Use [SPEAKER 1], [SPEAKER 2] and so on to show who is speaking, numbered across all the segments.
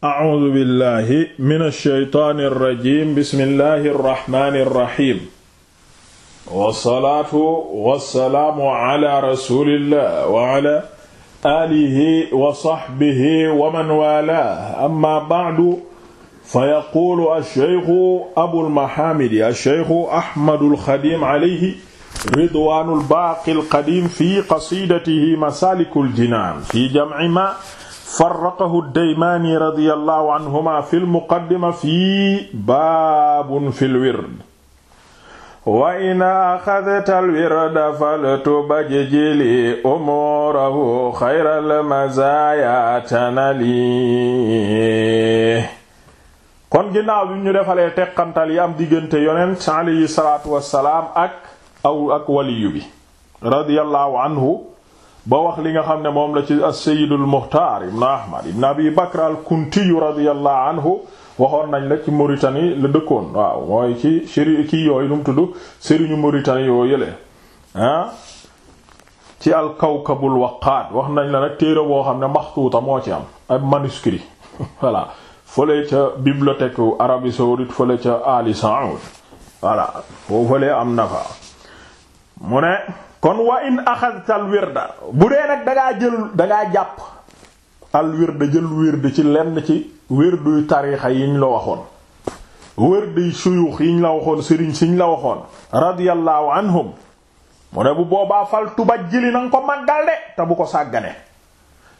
[SPEAKER 1] A'uuzu billaahi mina shaytaani rajiim bismillaahi rahmaani rahiim. Wasalaatu wasalaamu ala rasuulillah wa ala aalihi wa sahbihi wa man waalaahu amma ba'du fayaquulu ash-shaykhu abul mahaamidi ash-shaykhu Ahmadul Xadiim alayhi ridwaanul baaqil qadiim fi qasiidatihi masaalikul jinaan fi jam'i maa. farraqahu daymaani radiyallahu anhuma fil muqaddima fii baabun fil wird wa in axadta alwirda faltubajjili umuurahu xayral mazaaya tanali kon ginnaaw bi ñu defalee teqantal yi am diggante yonent alayhi salaatu wassalaam ak aw ba wax li nga xam ne moom la ci as-sayyidul muxtaar ibn ahmad ibn abi bakr al kuntiyu radiyallahu anhu waxoon nañ la ci Mauritanie la dëkkoon waaw mooy ci chéri kii yooyu nu mu tudd sëriñu Mauritanie yoo yële ah ci al kawkabul waqaad wax nañ la nag téere boo xam ne maxtuuta moo ci am ak manuscrit voilà fële ca bibliothèque arabi saoudite fële ca Ali Saoud voilà foo fële am na fa mu ne kon wa in axadta al wirda bu dee nag dangaa jël dangaa jàpp al wirda jël wirda ci lenn ci wirduy tariixa yiñ la waxoon wirduy suyuux yiñ la waxoon sëriñ siñ la waxoon radiyallahu anhum mu ne bu boobaa fal tubajjili na nga ko màggal de te bu ko sàggane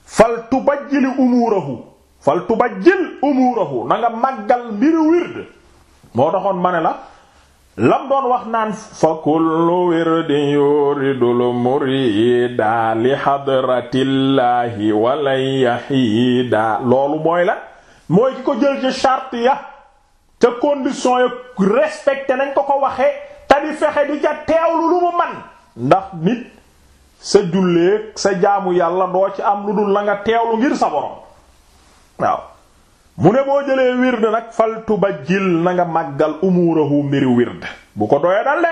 [SPEAKER 1] fal tubajjili umuurahu fal tubajjil umuurahu na nga màggal mbiru wird moo taxoon ma ne la lam doon wax naan fa kullu wirdin yuridul murida li hadratillahi walay yahida loolu mooy la mooy ki ko jël ci charte ya te condition ya respecté nañ ko ko waxee te di fexe bi ca teewlu lu mu man ndax nit sa julleek sa jaamu yàlla doo ci am lu dul la nga teewlu ngir sa borom waaw mu ne boo jëlee wird nag faltu ba jil na nga màggal umuurahu mbiri wird bu ko doyee dal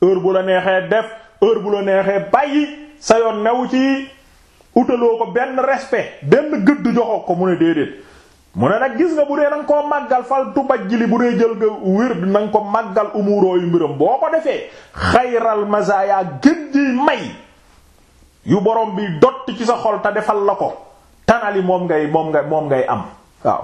[SPEAKER 1] de bu la neexee def heure bu la neexee bàyyi sa yoon new ci utaloo ko benn respect benn gëdd joxoo ko mu ne déedéet mu ne nag gis nga bu dee na nga màggal faltu ba jili bu dee jël nga wird ko màggal umuuroo yu mbiram boo ko defee xayral mazaya gën jiy may yu borom bi dotti ci sa xol te defal la ko tanali moom ngay moom nga moom ngay am waaw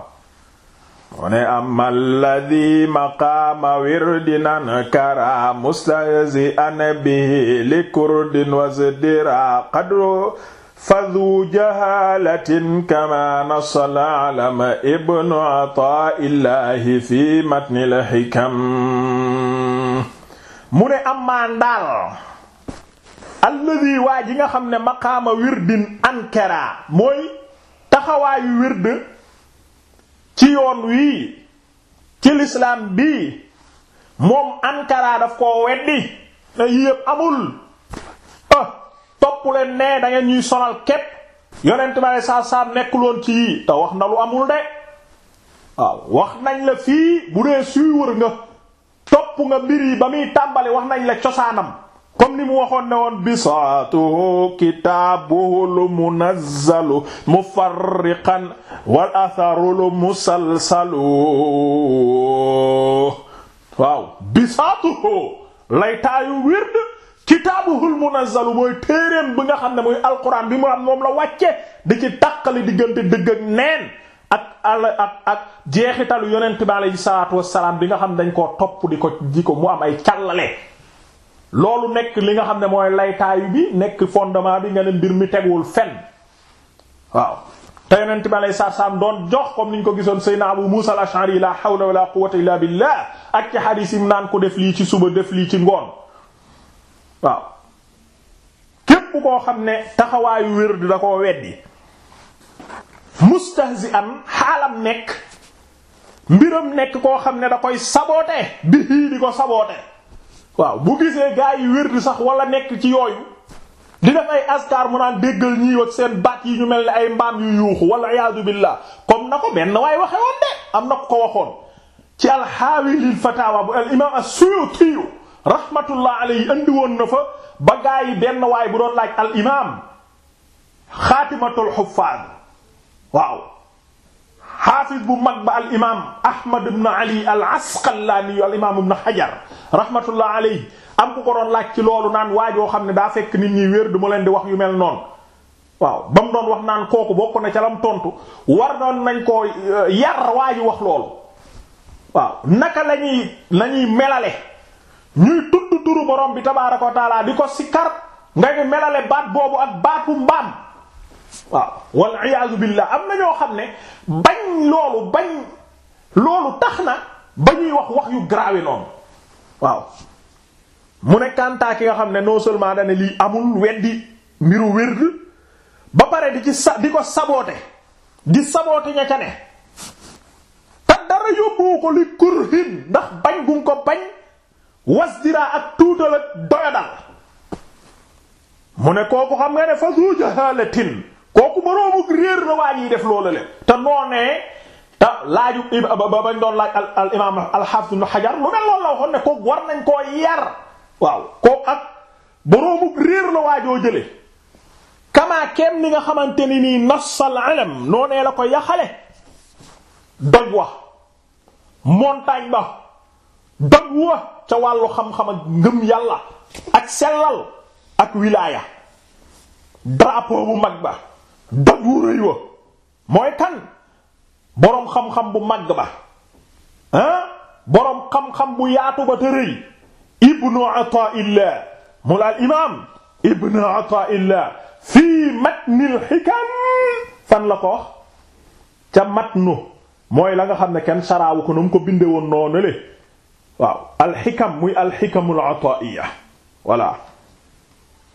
[SPEAKER 1] mu ne amma alladi maqaama wirdinan kara mustahzi an bihi li kurdin wasdira qadru fadhu jahalatin kama nasala alama ibnu ataillahi fi matnil hikam mu ne amma ndaal alladi waa ji nga xam ne maqaama wirdin ankara mooy taxawaayu wird ci yoon wii ci lislaam bii moom Ankara daf koo weddi na yépp amul ah topp leen ne da ñuy sonal képp yonent bi saa saa nekkuloon ci yii te wax na lu amul de waaw wax nañ la fii bu dee suy wër nga topp nga mbir yi ba muy tàmbali wax nañ la cosaanam comme ni mu waxoon ne woon bisaatuhu kitaabuhu munazzalu mufarriqan wal atharu musalsalu waaw bisaatuhu lay taayu wird kitaabuhul munazzalu mooy téereem bi nga xam ne mooy alquran bi mu am moom la wàcce di ci tàqali diggante dëgg ak neen ak al ak ak jeexitalu yonent bi aleyhi salaatu wassalaam bi nga xam dañ koo topp di ko di ko mu am ay càllale loolu nekk li nga xam ne mooy laytaayu bi nekk fondement bi nga ne mbir mi tegwul fen waaw te yonent bi alayhi salaam doon jox comme ni ñu ko gisoon Seydina Abu Musa al-Ash'ari la hawla wala quwwata illa billah naan ko def lii ci suba def lii ci ngoon waaw képp koo xam ne taxawaayu wér di da koo weddi mustahzi'an xaalam nekk mbiram nekk koo xam ne da koy saboote bi hii di ko saboote waaw bu gisee gaa yi wér di sax wala nekk ci yooyu di def ay askar mu naan déggal ñii seen baat yi ñu mel ni ay mbaam yu yuuxu wala iyaadu billah comme na ko benn waaye waxe de am na ko ko waxoon ci alxaawilil fatawa bu al imam as-Suyuti rahmatullah alayhi andi na fa ba gaa yi benn waay bu doon laaj al imam xaatimatul xufaad waaw xaafis bu mag ba al imaam Ahmad ibn Ali al Asqalaani al imaam ibn Hajar rahmatullah alayhi am ku ko doon laaj ci loolu naan waajoo xam ne daa fekk nit ñi wér du ma leen di wax yu mel noon waaw ba mu doon wax naan kooku bokk na ca lam tontu war doon nañ koo euh, yar waaji wax loolu waaw naka la ñuy la ñuy melale ñuy tudd turu borom bi tabaaraka wa di ko sikkar nga ñu melale baat boobu ak baatu mbaam. waaw wal iyaazu billah am na ñoo xam ne bañ loolu bañ loolu tax na ba ñuy wax wax yu grave noonu waaw mu ne kàntaa ki nga xam ne non seulement dane lii amul di mbiru wérd ba pare di ci sa di ko saboote di saboote ña ca ne te dara yóbbu ko li kurhin ndax bañ gu ko bañ wasdira ak tuutal ak doyadal mu ne kooku xam nga ne fa zu boroomuk réer la waa jiy def loola le te noonee te laaju ba bañ doon laaj al imaam al-Hafiz Ibn lu mel loolu la waxoon ne ko war nañ koo yar waaw ko ak boroomuk réer la waajoo jële kamaa kenn ni nga xamante ni nii nassal alam noonee la koy yaxale doj wa montagne ba doj wa ca wàllu xam-xam ak ngëm yàlla ak sellal ak wilaaya drapeau bu mag ba doj wu wa mooy kan boroom xam-xam bu màgg ba ah boroom xam-xam bu yaatu ba te rëy ibnu ataillah mu la al imam ibnu ataillah fii matnil xikam fan la ko wax ca matnu mooy la nga xam ne kenn saraawu ko nu ko bindee woon noonu le waaw alxikam muy alxikamul ataiya voilà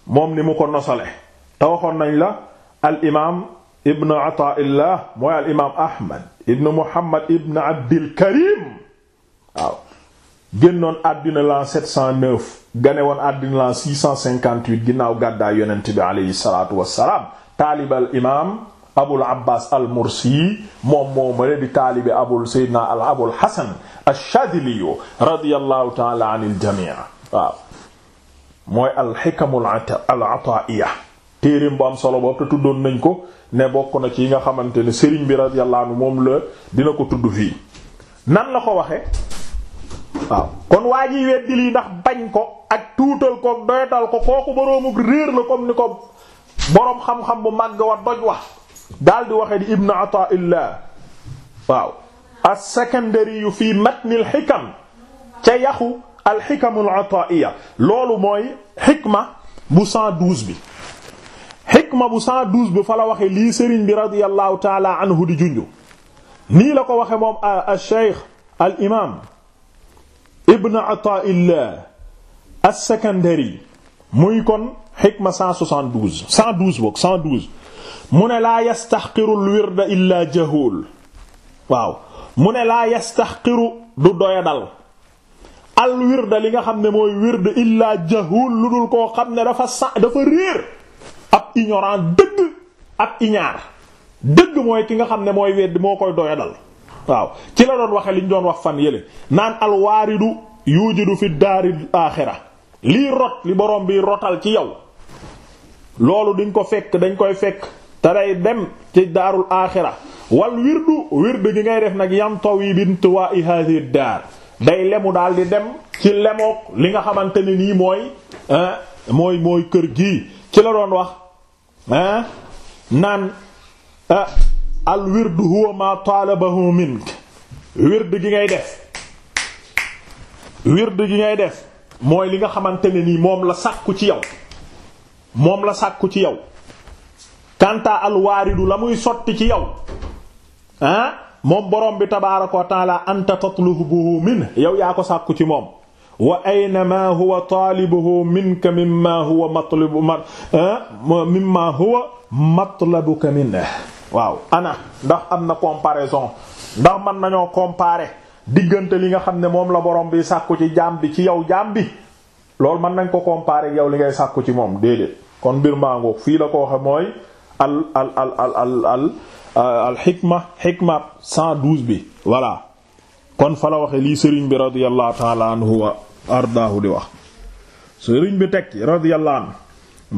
[SPEAKER 1] moom ni mu ko nosale te nañ la al imaam ibn Ataa'illah mooy al imaam Ahmad ibn Muhammad ibn Abdil Karim waaw génnoon àddina l'an 709 gane woon àddina l'an 658 ginnaaw gàddaay yonent bi aleyhi salaatu wassalaam taalib al imaam Abul Abbaas al Mursi moom moo ma di taalibi abul Seydina al Abul Hasan ash-Shaadili radiyallahu ta'ala anil jamii' waaw mooy al hikamu al ataa'iya téereem bu am solo boobu te tuddoon nañ ko ne bokk na ci yi nga xamante ne sëriñ bi radiyallahu anhu moom la dina ko tudd fii nan la ko waxe waaw kon waa ji weddi lii ndax bañ ko ak tuutal ko doyatal ko kooku boroomuk réer la comme ni ko boroom xam-xam bu màgg wa doj wax daal di waxe di ibnu ataillah waaw as-Sakandari yu fii matni al-Hikam ca yaxu al-Hikamu al-Ataiya loolu mooy xikma bu 112 bi xikma bu 112 bu fa la waxe lii sëriñ bi radiyallahu taala anhu di junju nii la ko waxe moom acheikh al imam ibn ataillah as-Sakandari muy kon xikma 172 112 boog 112 mu ne la yastaxqiru al wirda illa jahul mu ne la yastaxqiru du doyadal al wirda li nga xam ne mooy wirda illa jahul lu dul koo xam ne dafa sa dafa ab ignorant dëgg ab iñaar dëgg mooy ki nga xam ne mooy wedd moo koy doyadal waaw ci la doon waxe liñ doon wax fan yële naan alwaaridu yujidu fi daaril aaxira lii rot li borom bi rotal ci yow loolu dañ ko fekk dañ koy fekk te day dem ci daarul aaxira wal wirdu wirdu gi ngay def nag yantawi bintuwaa i hadhihi daar day lemu daal di dem ci lemook li nga xamante ne nii mooy eh, mooy mooy kër gii ci la doon wax ah naan al wird huwa ma talabahu mink wird gi ngay def wird gi ngay def mooy li nga xamante ne nii moom la sàkku ci yow moom la sàkku ci yow kanta al waaridu la muy sotti ci yow ah moom borom bi tabaaraka wa taala anta tatlubuhu min yow yaa ko sàkku ci moom wa aynama huwa taalibuhu minka mimma huwa matlubu eh, mimma huwa matlabuka minhu waaw ana ndax am na comparaison ndax mën nañoo compare diggante li nga xam ne moom la borom bi sàkku ci jaam bi ci yow jaam bi loolu mën nañ ko comparer yow li ngay sàkku ci moom déedéet kon mbir maangoog fii la ko waxe mooy al al al al al al euh, al xikma xikma 112 bi voilà kon fa la waxe lii sëriñ bi radiyallahu ta'ala anhu wa ardaahu di wax sëriñ bi tekki radiyallahu anhu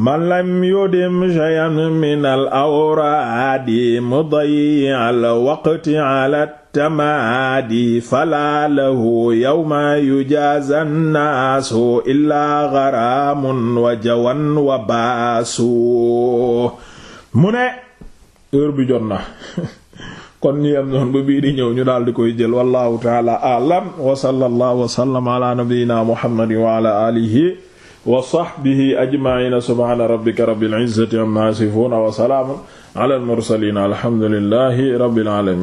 [SPEAKER 1] man lam yudim shay'an min al awraadi mudayyi al waqti ala tamaadi fala lahu yawma yujaza nnaasu illaa gharaamun wa jawan wa baasu mu ne heure bi jot na kon ñu yem noonu ba bii di ñëw ñu daal di koy jël wallahu taala alam wa sallallahu wa sallama ala nabiyyina muhammadin wa ala alihi wa sahbihi ajma'ina subhana rabbika rabbil izzati amma yasifun wa salaamun ala al mursalin alhamdulillahi rabbil alamin